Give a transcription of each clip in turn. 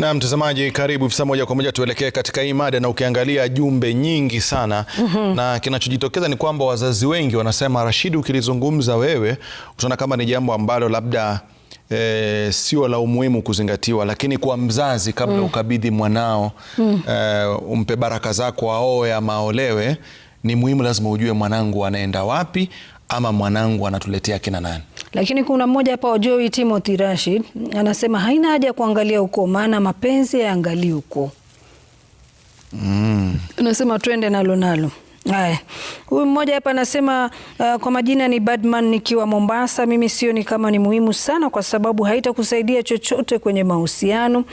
Na mtazamaji, karibu saa moja kwa moja tuelekee katika hii mada, na ukiangalia jumbe nyingi sana mm -hmm. na kinachojitokeza ni kwamba wazazi wengi wanasema, rashidi ukilizungumza wewe utaona kama ni jambo ambalo labda E, sio la umuhimu kuzingatiwa, lakini kwa mzazi kabla mm. ukabidhi mwanao mm. e, umpe baraka zako aoe ama aolewe, ni muhimu, lazima ujue mwanangu anaenda wapi ama mwanangu anatuletea kina nani. Lakini kuna mmoja hapa Ojoi Timothy Rashid anasema haina haja ya kuangalia huko maana mapenzi yaangalii huko Mm. Unasema twende nalo nalo. Haya, huyu mmoja hapa anasema uh, kwa majina ni Badman nikiwa Mombasa. Mimi sioni kama ni muhimu sana, kwa sababu haitakusaidia chochote kwenye mahusiano.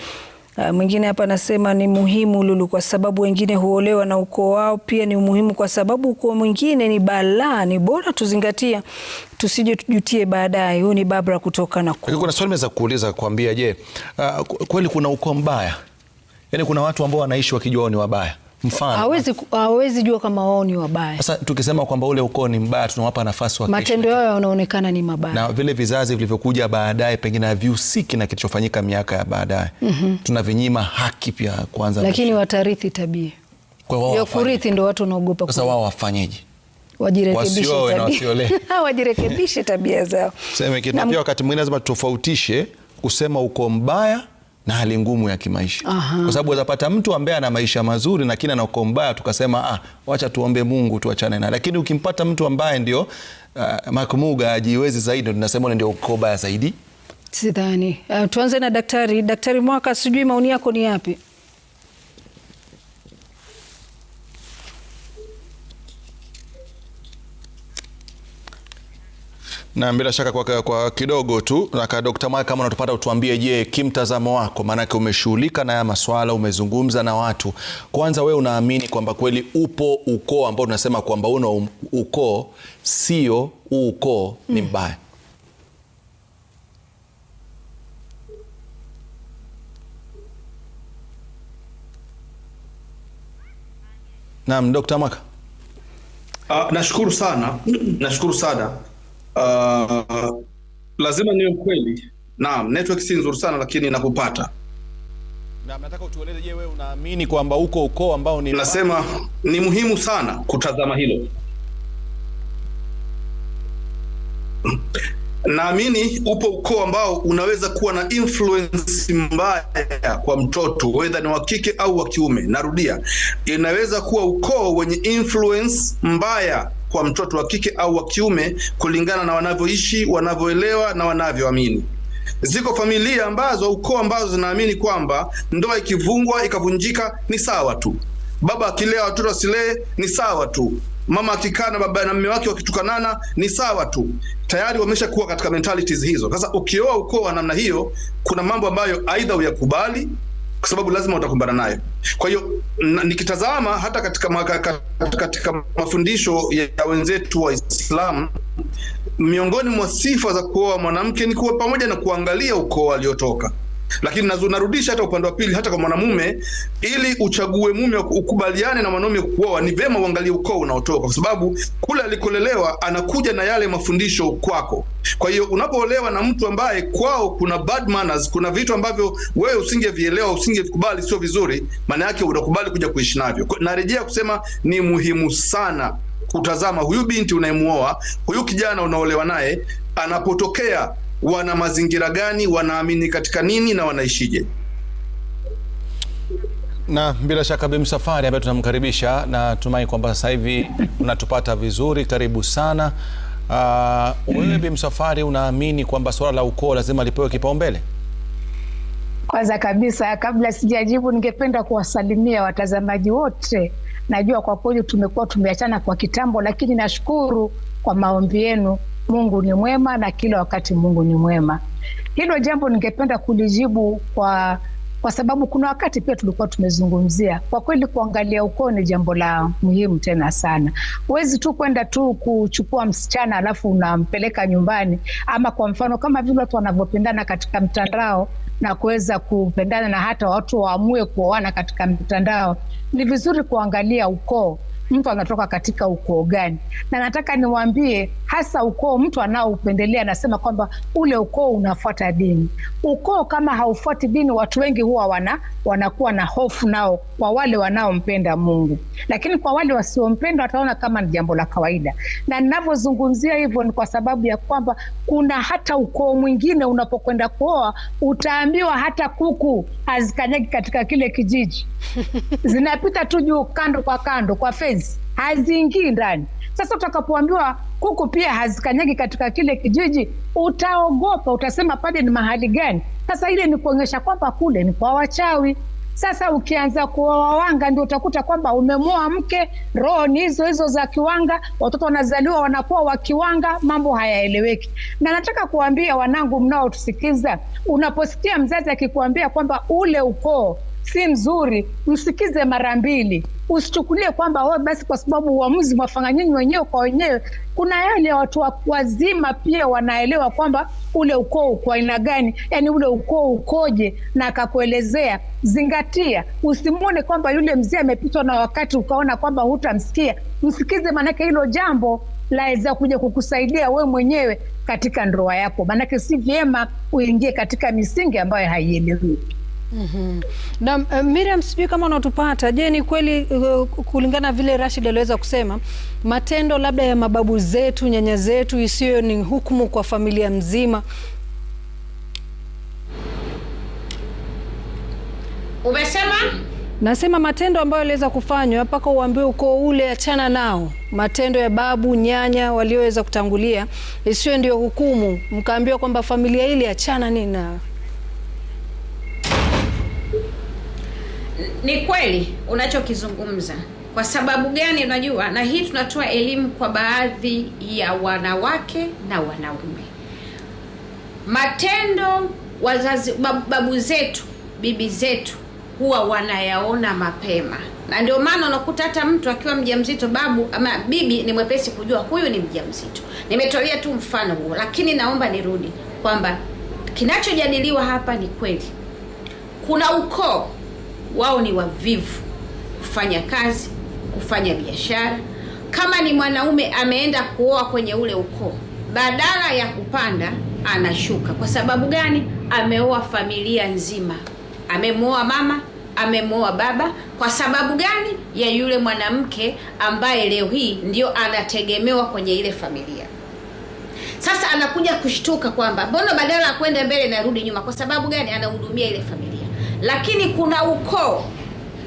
Ah, mwingine hapa anasema ni muhimu Lulu, kwa sababu wengine huolewa na ukoo wao, pia ni muhimu kwa sababu ukoo mwingine ni balaa. Ni bora tuzingatia, tusije tujutie baadaye. Huyu ni Barbara kutoka na kuna swali meza kuuliza kuambia, je, uh, kweli kuna ukoo mbaya? Yaani kuna watu ambao wanaishi wakijua wao ni wabaya mfano hawezi hawezi jua kama wao ni wabaya. Sasa tukisema kwamba ule ukoo ni mbaya, tunawapa nafasi wa matendo yao yanaonekana ni mabaya, na vile vizazi vilivyokuja baadaye pengine havihusiki na kilichofanyika miaka ya baadaye. mm -hmm. Tunavinyima haki pia kwanza, lakini watarithi tabia kurithi, ndio watu wanaogopa. Sasa wao wafanyeje? wajirekebishe tabia wajirekebishe tabia zao. Sema kitu pia, wakati mwingine lazima tutofautishe kusema uko mbaya na hali ngumu ya kimaisha. Aha. Kwa sababu unapata mtu ambaye ana maisha mazuri lakini ana mbaya, tukasema ah, wacha tuombe Mungu tuachane naye. Lakini ukimpata mtu ambaye ndio uh, makmuga ajiwezi zaidi, tunasema ndio uko mbaya zaidi. Sidhani. Uh, tuanze na daktari. Daktari Mwaka, sijui maoni yako ni yapi? Na bila shaka kwa, kwa kidogo tu na Dr. Mwai kama unatupata utuambie, je, kimtazamo wako, maanake umeshughulika na haya maswala, umezungumza na watu, kwanza we unaamini kwamba kweli upo ukoo ambao tunasema kwamba uno um, ukoo sio huu ukoo ni mm. mbaya? Naam, Dr. Mwaka. Uh, nashukuru sana nashukuru sana Uh, lazima niwe mkweli. Naam, network si nzuri sana lakini nakupata. Naam, nataka utueleze, je, wewe unaamini kwamba uko ukoo ambao ni nasema ni muhimu sana kutazama hilo. Naamini upo ukoo ambao unaweza kuwa na influence mbaya kwa mtoto, wedha ni wa kike au wa kiume. Narudia, inaweza kuwa ukoo wenye influence mbaya kwa mtoto wa kike au wa kiume kulingana na wanavyoishi, wanavyoelewa na wanavyoamini. Ziko familia ambazo, ukoo ambazo zinaamini kwamba ndoa ikivungwa ikavunjika ni sawa tu, baba akilea watoto wasilee ni sawa tu, mama akikaa na baba na mume wake wakitukanana ni sawa tu. Tayari wameshakuwa katika mentalities hizo. Sasa ukioa ukoo wa namna hiyo, kuna mambo ambayo aidha uyakubali kwa sababu lazima utakumbana nayo. Kwa hiyo nikitazama hata katika, maka, katika mafundisho ya wenzetu wa Islam, miongoni mwa sifa za kuoa mwanamke ni kuwa pamoja na kuangalia ukoo aliotoka. Lakini narudisha hata upande wa pili, hata kwa mwanamume, ili uchague mume, ukubaliane na mwanaume kuoa, ni vema uangalie ukoo unaotoka, kwa sababu kule alikolelewa anakuja na yale mafundisho kwako. Kwa hiyo unapoolewa na mtu ambaye kwao kuna bad manners, kuna vitu ambavyo wewe usingevielewa, usingevikubali, sio vizuri, maana yake unakubali kuja kuishi navyo. Narejea kusema ni muhimu sana kutazama huyu binti unayemuoa, huyu kijana unaolewa naye, anapotokea wana mazingira gani, wanaamini katika nini na wanaishije. Na bila shaka Bi msafari ambaye tunamkaribisha, natumai kwamba sasa hivi unatupata vizuri. Karibu sana. Uh, wewe Bi Msafwari, unaamini kwamba suala la ukoo lazima lipewe kipaumbele? Kwanza kabisa kabla sijajibu, ningependa kuwasalimia watazamaji wote. Najua kwa kweli tumekuwa tumeachana kwa kitambo, lakini nashukuru kwa maombi yenu. Mungu ni mwema na kila wakati Mungu ni mwema. Hilo jambo ningependa kulijibu kwa kwa sababu kuna wakati pia tulikuwa tumezungumzia. Kwa kweli, kuangalia ukoo ni jambo la muhimu tena sana. Huwezi tu kwenda tu kuchukua msichana alafu unampeleka nyumbani, ama kwa mfano kama vile watu wanavyopendana katika mtandao na kuweza kupendana na hata watu waamue kuoana katika mtandao, ni vizuri kuangalia ukoo mtu anatoka katika ukoo gani, na nataka niwaambie hasa ukoo mtu anaoupendelea, anasema kwamba ule ukoo unafuata dini. Ukoo kama haufuati dini, watu wengi huwa wana, wanakuwa na hofu nao, kwa wale wanaompenda Mungu, lakini kwa wale wasiompenda wataona kama ni jambo la kawaida. Na ninavyozungumzia hivyo ni kwa sababu ya kwamba kuna hata ukoo mwingine unapokwenda kuoa utaambiwa hata kuku hazikanyagi katika kile kijiji, zinapita tu juu kando kwa kando kwa fezi kids haziingii ndani. Sasa utakapoambiwa kuku pia hazikanyagi katika kile kijiji, utaogopa, utasema pale ni mahali gani? Sasa ile ni kuonyesha kwamba kule ni kwa wachawi. Sasa ukianza kuwawanga ndio utakuta kwamba umemoa mke, roho ni hizo hizo za kiwanga, watoto wanazaliwa wanakuwa wakiwanga, mambo hayaeleweki. Na nataka kuwambia wanangu mnaotusikiza, unaposikia mzazi akikuambia kwamba ule ukoo si mzuri, msikize mara mbili. Usichukulie kwamba wewe oh, basi, kwa sababu uamuzi mwafanya nyinyi wenyewe kwa wenyewe. Kuna yale watu wazima pia wanaelewa kwamba ule ukoo uko aina gani, yani ule ukoo ukoje, na akakuelezea. Zingatia, usimwone kwamba yule mzee amepitwa na wakati ukaona kwamba hutamsikia. Msikize, maanake hilo jambo laweza kuja kukusaidia wewe mwenyewe katika ndoa yako, maanake si vyema uingie katika misingi ambayo haieleweki. Mm -hmm. Na uh, Miriam, sijui kama unatupata. Je, ni kweli uh, kulingana vile Rashid aliweza kusema matendo labda ya mababu zetu, nyanya zetu, isiyo ni hukumu kwa familia mzima? Umesema? Nasema matendo ambayo aliweza kufanywa mpaka uambiwe ukoo ule achana nao, matendo ya babu nyanya walioweza kutangulia, isiyo ndio hukumu, mkaambiwa kwamba familia ile achana nini ni kweli unachokizungumza. Kwa sababu gani? Unajua, na hii tunatoa elimu kwa baadhi ya wanawake na wanaume. Matendo wazazi, babu zetu, bibi zetu huwa wanayaona mapema, na ndio maana unakuta hata mtu akiwa mjamzito, babu ama bibi ni mwepesi kujua huyu ni mjamzito. Nimetolea tu mfano huo, lakini naomba nirudi kwamba kinachojadiliwa hapa ni kweli, kuna ukoo wao ni wavivu kufanya kazi, kufanya biashara. Kama ni mwanaume ameenda kuoa kwenye ule ukoo, badala ya kupanda anashuka. Kwa sababu gani? Ameoa familia nzima, amemwoa mama, amemwoa baba. Kwa sababu gani? Ya yule mwanamke ambaye leo hii ndio anategemewa kwenye ile familia. Sasa anakuja kushtuka kwamba mbona badala ya kwenda mbele narudi nyuma. Kwa sababu gani? Anahudumia ile familia lakini kuna ukoo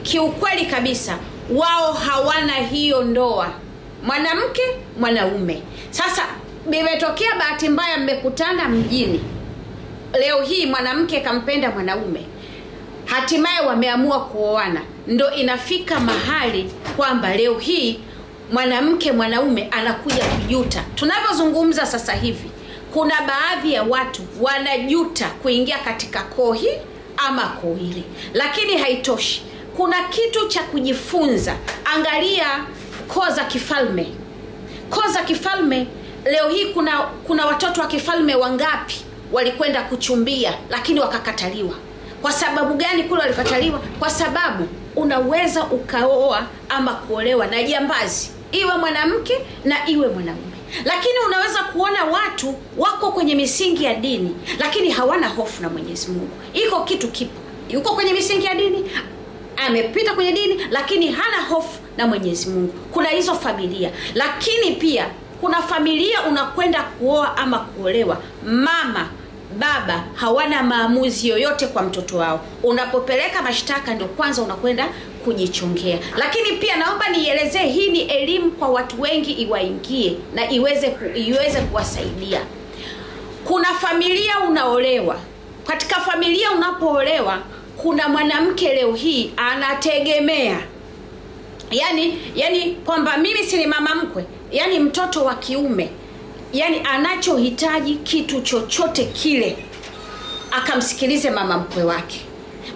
kiukweli kabisa wao hawana hiyo ndoa, mwanamke mwanaume. Sasa imetokea bahati mbaya, mmekutana mjini, leo hii mwanamke kampenda mwanaume, hatimaye wameamua kuoana, ndo inafika mahali kwamba leo hii mwanamke mwanaume anakuja kujuta. Tunavyozungumza sasa hivi, kuna baadhi ya watu wanajuta kuingia katika koo hii ama kuwili. Lakini haitoshi, kuna kitu cha kujifunza. Angalia koo za kifalme, koo za kifalme. Leo hii kuna kuna watoto wa kifalme wangapi walikwenda kuchumbia lakini wakakataliwa? Kwa sababu gani kule walikataliwa? Kwa sababu unaweza ukaoa ama kuolewa na jambazi iwe mwanamke na iwe mwanaume. Lakini unaweza kuona watu wako kwenye misingi ya dini, lakini hawana hofu na Mwenyezi Mungu. Iko kitu kipo, yuko kwenye misingi ya dini, amepita kwenye dini, lakini hana hofu na Mwenyezi Mungu. Kuna hizo familia, lakini pia kuna familia unakwenda kuoa ama kuolewa, mama baba hawana maamuzi yoyote kwa mtoto wao. Unapopeleka mashtaka, ndio kwanza unakwenda kujichongea. Lakini pia naomba nielezee, hii ni elimu kwa watu wengi, iwaingie na iweze iweze kuwasaidia. Kuna familia unaolewa, katika familia unapoolewa, kuna mwanamke leo hii anategemea yani yani kwamba mimi si mama mkwe, yani mtoto wa kiume yani anachohitaji kitu chochote kile akamsikilize mama mkwe wake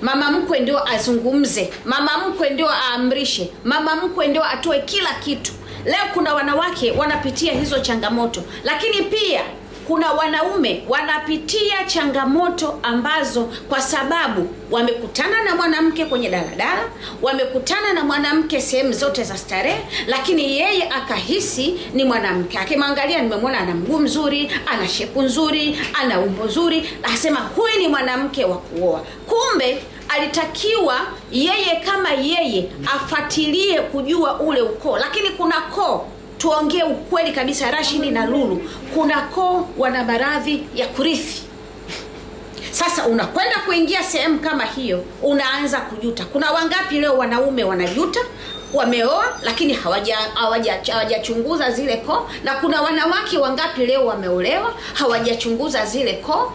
mama mkwe ndio azungumze, mama mkwe ndio aamrishe, mama mkwe ndio atoe kila kitu. Leo kuna wanawake wanapitia hizo changamoto, lakini pia kuna wanaume wanapitia changamoto ambazo kwa sababu wamekutana na mwanamke kwenye daladala, wamekutana na mwanamke sehemu zote za starehe, lakini yeye akahisi ni mwanamke akimwangalia, nimemwona ana mguu mzuri, ana shepu nzuri, ana umbo zuri, asema huyu ni mwanamke wa kuoa. Kumbe alitakiwa yeye kama yeye afatilie kujua ule ukoo, lakini kuna koo tuongee ukweli kabisa, Rashidi na Lulu, kuna koo wana maradhi ya kurithi. Sasa unakwenda kuingia sehemu kama hiyo, unaanza kujuta. Kuna wangapi leo wanaume wanajuta wameoa lakini hawajachunguza zile koo, na kuna wanawake wangapi leo wameolewa hawajachunguza zile koo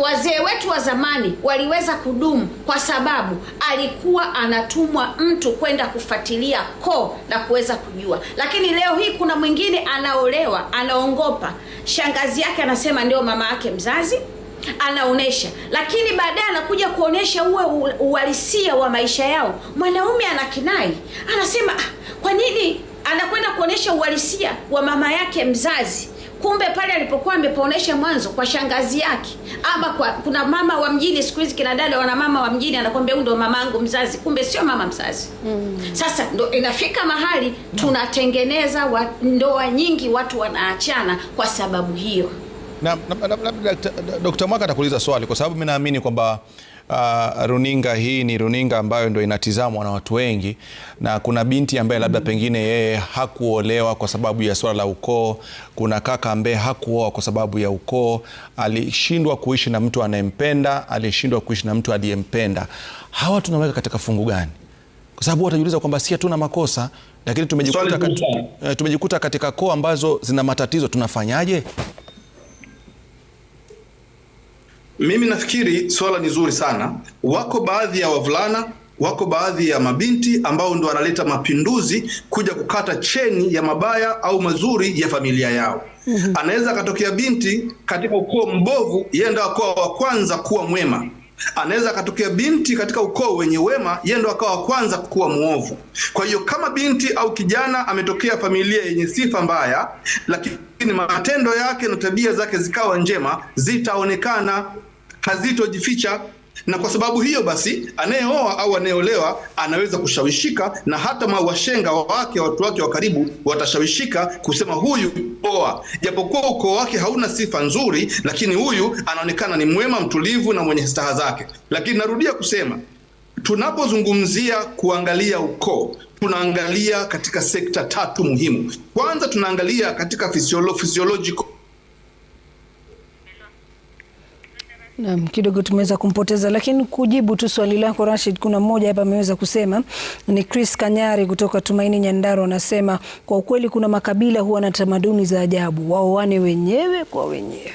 wazee wetu wa zamani waliweza kudumu kwa sababu alikuwa anatumwa mtu kwenda kufuatilia koo na kuweza kujua. Lakini leo hii kuna mwingine anaolewa, anaongopa, shangazi yake anasema ndio mama yake mzazi anaonesha lakini baadaye anakuja kuonesha uwe uhalisia wa maisha yao. Mwanaume anakinai, anasema ah, kwa nini anakwenda kuonesha uhalisia wa mama yake mzazi Kumbe pale alipokuwa ameponesha mwanzo kwa shangazi yake, ama kwa kuna mama wa mjini. Siku hizi kina dada wana mama wa mjini, anakwambia huyu ndo mamangu mzazi, kumbe sio mama mzazi mm. Sasa ndo inafika mahali tunatengeneza wa, ndoa nyingi watu wanaachana kwa sababu hiyo. Na labda Dkt. Mwaka atakuuliza swali kwa sababu mimi naamini kwamba uh, runinga hii ni runinga ambayo ndio inatizamwa na watu wengi, na kuna binti ambaye labda pengine yeye hakuolewa kwa sababu ya swala la ukoo, kuna kaka ambaye hakuoa kwa sababu ya ukoo, alishindwa kuishi na mtu anayempenda, alishindwa kuishi na mtu aliyempenda. Hawa tunaweka katika fungu gani? Kwa sababu watajiuliza kwamba si hatuna makosa, lakini tumejikuta, kat, eh, tumejikuta katika koo ambazo zina matatizo, tunafanyaje? Mimi nafikiri swala ni zuri sana. Wako baadhi ya wavulana, wako baadhi ya mabinti ambao ndo wanaleta mapinduzi kuja kukata cheni ya mabaya au mazuri ya familia yao. Mhm. Anaweza akatokea binti katika ukoo mbovu, yeye ndo akawa wa kwanza kuwa mwema anaweza akatokea binti katika ukoo wenye wema, yeye ndo akawa wa kwanza kuwa muovu. Kwa hiyo kama binti au kijana ametokea familia yenye sifa mbaya, lakini matendo yake na tabia zake zikawa njema, zitaonekana hazitojificha na kwa sababu hiyo basi, anayeoa au anayeolewa anaweza kushawishika, na hata mawashenga wake, watu wake wa karibu watashawishika kusema huyu oa, japokuwa ukoo wake hauna sifa nzuri, lakini huyu anaonekana ni mwema, mtulivu na mwenye staha zake. Lakini narudia kusema, tunapozungumzia kuangalia ukoo tunaangalia katika sekta tatu muhimu. Kwanza tunaangalia katika physiological Naam, kidogo tumeweza kumpoteza lakini kujibu tu swali lako Rashid, kuna mmoja hapa ameweza kusema ni Chris Kanyari kutoka Tumaini nyandaro anasema kwa ukweli kuna makabila huwa na tamaduni za ajabu, waoane wenyewe kwa wenyewe.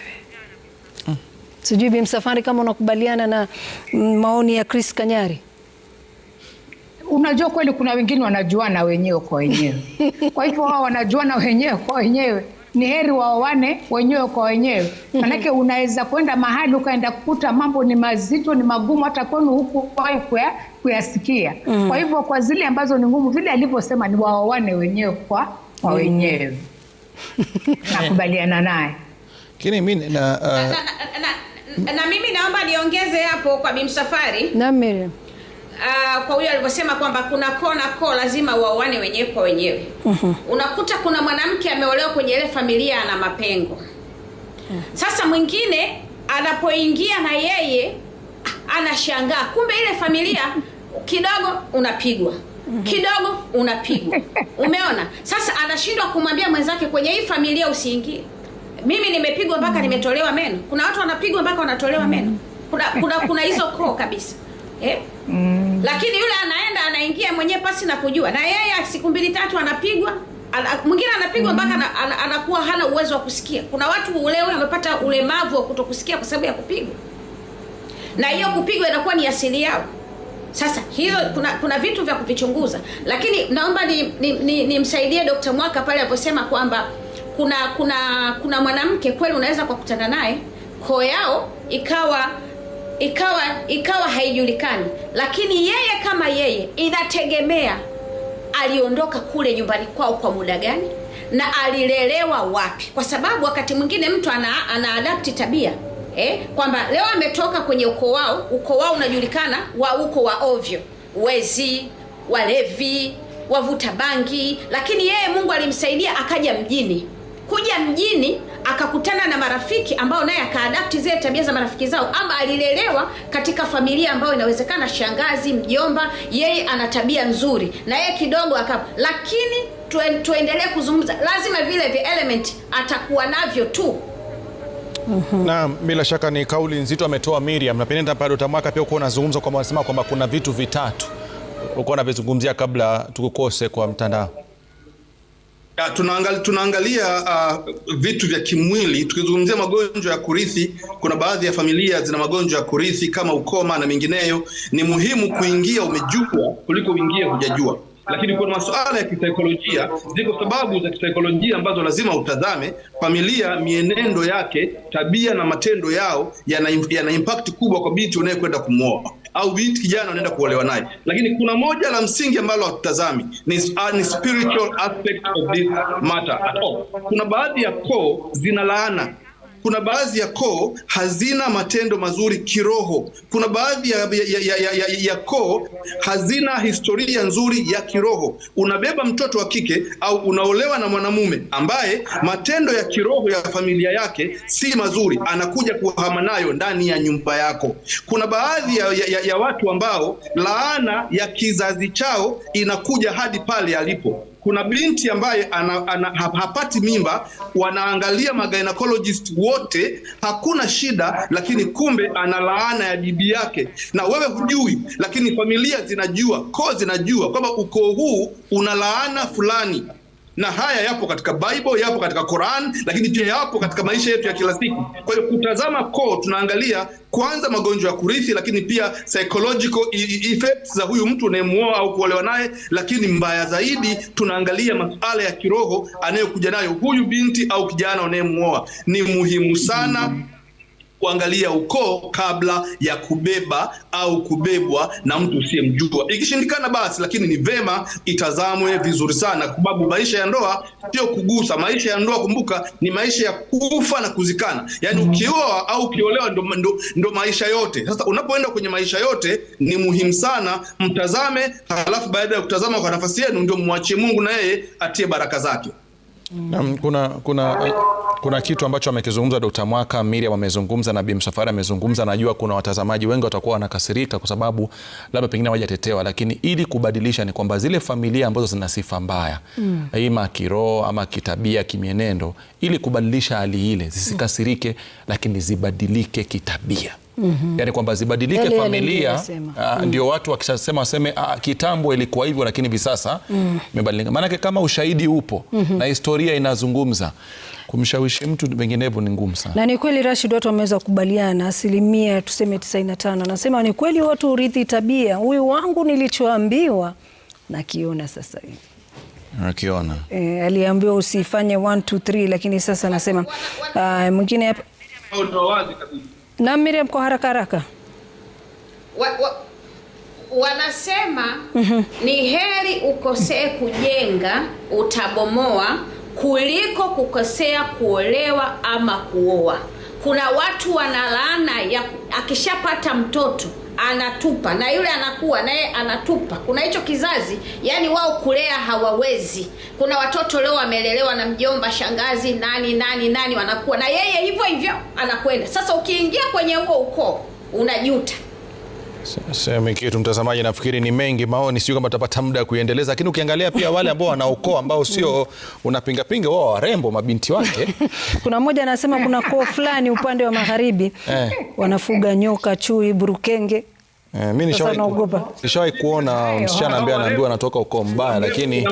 Mm. Sijui Bi Msafwari kama unakubaliana na mm, maoni ya Chris Kanyari. Unajua kweli kuna wengine wanajuana wenyewe kwa wenyewe kwa hivyo hao wanajuana wenyewe kwa wenyewe ni heri waoane wenyewe kwa wenyewe, mhm. manake unaweza kwenda mahali ukaenda kukuta mambo ni mazito, ni magumu, hata kwenu huku kuya kuyasikia. Mm. Kwa hivyo kwa zile ambazo ni ngumu, vile alivyosema ni waoane wenyewe kwa kwa mhm. wenyewe. Nakubaliana naye na, uh... na, na, na, na, na mimi naomba niongeze hapo kwa Bi Msafwari na Miriam uh, kwa huyo alivyosema kwamba kuna koo na koo lazima waoane wenyewe kwa wenyewe. -huh. Mhm. Unakuta kuna mwanamke ameolewa kwenye ile familia ana mapengo. -huh. Mhm. Sasa mwingine anapoingia na yeye anashangaa, kumbe ile familia kidogo unapigwa mhm. kidogo unapigwa, umeona? Sasa anashindwa kumwambia mwenzake kwenye hii familia usiingie. Mimi nimepigwa mpaka nimetolewa meno. Kuna watu wanapigwa mpaka wanatolewa meno. Kuna kuna kuna hizo koo kabisa eh? lakini yule anaenda anaingia mwenyewe pasi na kujua, na yeye siku mbili tatu anapigwa ana, mwingine anapigwa mpaka mm. ana, anakuwa hana uwezo wa kusikia. Kuna watu ulewe wamepata ulemavu wa kutokusikia kwa sababu ya kupigwa, na hiyo kupigwa inakuwa ni asili yao. Sasa hiyo kuna kuna vitu vya kuvichunguza, lakini naomba nimsaidie ni, ni, ni, ni Dr. Mwaka pale aliposema kwamba kuna kuna kuna mwanamke kweli unaweza kukutana naye koo yao ikawa ikawa ikawa haijulikani, lakini yeye kama yeye, inategemea aliondoka kule nyumbani kwao kwa muda gani na alilelewa wapi, kwa sababu wakati mwingine mtu ana, ana adapti tabia eh, kwamba leo ametoka kwenye ukoo wao, ukoo wao unajulikana wa uko wa ovyo, wezi, walevi, wavuta bangi, lakini yeye Mungu alimsaidia akaja mjini. Kuja mjini akakutana na marafiki ambao naye akaadapti zile tabia za marafiki zao, ama alilelewa katika familia ambayo inawezekana shangazi, mjomba, yeye ana tabia nzuri na yeye kidogo aka lakini tuendelee kuzungumza, lazima vile vya element atakuwa navyo tu. Uhum. Na bila shaka ni kauli nzito ametoa Miriam, na pengine utamwaka pia uko unazungumza kwamba unasema kwamba kuna vitu vitatu uko unavizungumzia kabla tukukose kwa mtandao. Ya, ah, tunaangalia, tunaangalia uh, vitu vya kimwili. Tukizungumzia magonjwa ya kurithi, kuna baadhi ya familia zina magonjwa ya kurithi kama ukoma na mengineyo. Ni muhimu kuingia umejua kuliko uingie hujajua lakini kuna masuala ya kisaikolojia. Ziko sababu za kisaikolojia ambazo lazima utazame. Familia, mienendo yake, tabia na matendo yao yana, yana impact kubwa kwa binti unayekwenda kumwoa au binti kijana wanaenda kuolewa naye, lakini kuna moja la msingi ambalo hatutazami ni, uh, ni spiritual aspect of this matter at all. Kuna baadhi ya koo zina laana kuna baadhi ya koo hazina matendo mazuri kiroho, kuna baadhi ya, ya, ya, ya, ya, ya koo hazina historia nzuri ya kiroho. Unabeba mtoto wa kike au unaolewa na mwanamume ambaye matendo ya kiroho ya familia yake si mazuri, anakuja kuhama nayo ndani ya nyumba yako. Kuna baadhi ya, ya, ya watu ambao laana ya kizazi chao inakuja hadi pale alipo kuna binti ambaye ana, ana, hapati mimba, wanaangalia magynecologist wote, hakuna shida, lakini kumbe ana laana ya bibi yake, na wewe hujui, lakini familia zinajua, koo zinajua kwamba ukoo huu una laana fulani na haya yapo katika Bible, yapo katika Quran, lakini pia yapo katika maisha yetu ya kila siku. Kwa hiyo kutazama ko, tunaangalia kwanza magonjwa ya kurithi, lakini pia psychological e-, e-, effects za huyu mtu unayemuoa au kuolewa naye, lakini mbaya zaidi tunaangalia masuala ya kiroho anayokuja nayo huyu binti au kijana unayemuoa. Ni muhimu sana kuangalia ukoo kabla ya kubeba au kubebwa na mtu usiyemjua. Ikishindikana basi, lakini ni vema itazamwe vizuri sana, kwa sababu maisha ya ndoa sio kugusa. Maisha ya ndoa, kumbuka, ni maisha ya kufa na kuzikana, yani mm -hmm. Ukioa au ukiolewa ndo, ndo, ndo maisha yote. Sasa unapoenda kwenye maisha yote, ni muhimu sana mtazame, halafu baada ya kutazama kwa nafasi yenu, ndio mwachie Mungu na yeye atie baraka zake. Na Kuna, kuna, kuna kitu ambacho amekizungumza Dr. Mwaka, Miriam amezungumza na Bi Msafwari amezungumza. Najua kuna watazamaji wengi watakuwa wanakasirika kwa sababu labda pengine hawajatetewa, lakini ili kubadilisha ni kwamba zile familia ambazo zina sifa mbaya mm. ima kiroho ama kitabia, kimienendo, ili kubadilisha hali ile zisikasirike, lakini zibadilike kitabia. -hmm. Yani kwamba zibadilike yale, familia yale ah, mm -hmm. Ndio watu wakishasema waseme uh, kitambo ilikuwa hivyo, lakini hivi sasa mm. imebadilika mm -hmm. Maanake kama ushahidi upo mm -hmm. na historia inazungumza kumshawishi mtu vinginevyo ni ngumu sana. Na ni kweli Rashid, watu wameweza kukubaliana asilimia tuseme 95, anasema ni kweli watu urithi tabia, huyu wangu nilichoambiwa nakiona sasa hivi nakiona. E, aliambiwa usifanye 1 2 3 lakini sasa anasema ah, mwingine hapa ndio wazi kabisa na Miriam, kwa haraka haraka wa, wa, wanasema mm -hmm. Ni heri ukosee kujenga utabomoa kuliko kukosea kuolewa ama kuoa. Kuna watu wana laana ya akishapata mtoto anatupa na yule anakuwa naye anatupa. Kuna hicho kizazi, yani wao kulea hawawezi. Kuna watoto leo wamelelewa na mjomba, shangazi, nani nani nani, wanakuwa na yeye hivyo hivyo anakwenda. Sasa ukiingia kwenye huo ukoo unajuta. Sehemu kitu mtazamaji, nafikiri ni mengi maoni, sio kama tutapata muda ya kuiendeleza, lakini ukiangalia pia wale ambao wanaokoa ambao sio unapingapinga, wao warembo mabinti wake. Kuna mmoja anasema kuna koo fulani upande wa magharibi eh, wanafuga nyoka, chui, burukenge Eh, nishawahi kuona msichana ambaye anaambiwa anatoka ukoo mbaya, lakini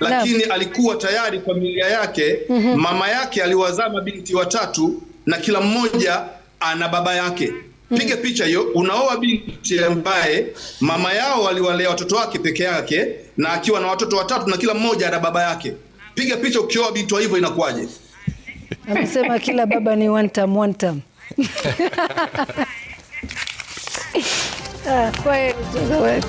lakini alikuwa tayari familia yake mm -hmm. Mama yake aliwazaa mabinti watatu na kila mmoja ana baba yake. Piga picha hiyo, unaoa binti ambaye mama yao waliwalea watoto wake peke yake na akiwa na watoto watatu na kila mmoja ana baba yake. Piga picha ukioa binti hivyo inakuwaje? Amesema kila baba ni one time, one time. Ah, wetu.